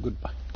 Goodbye.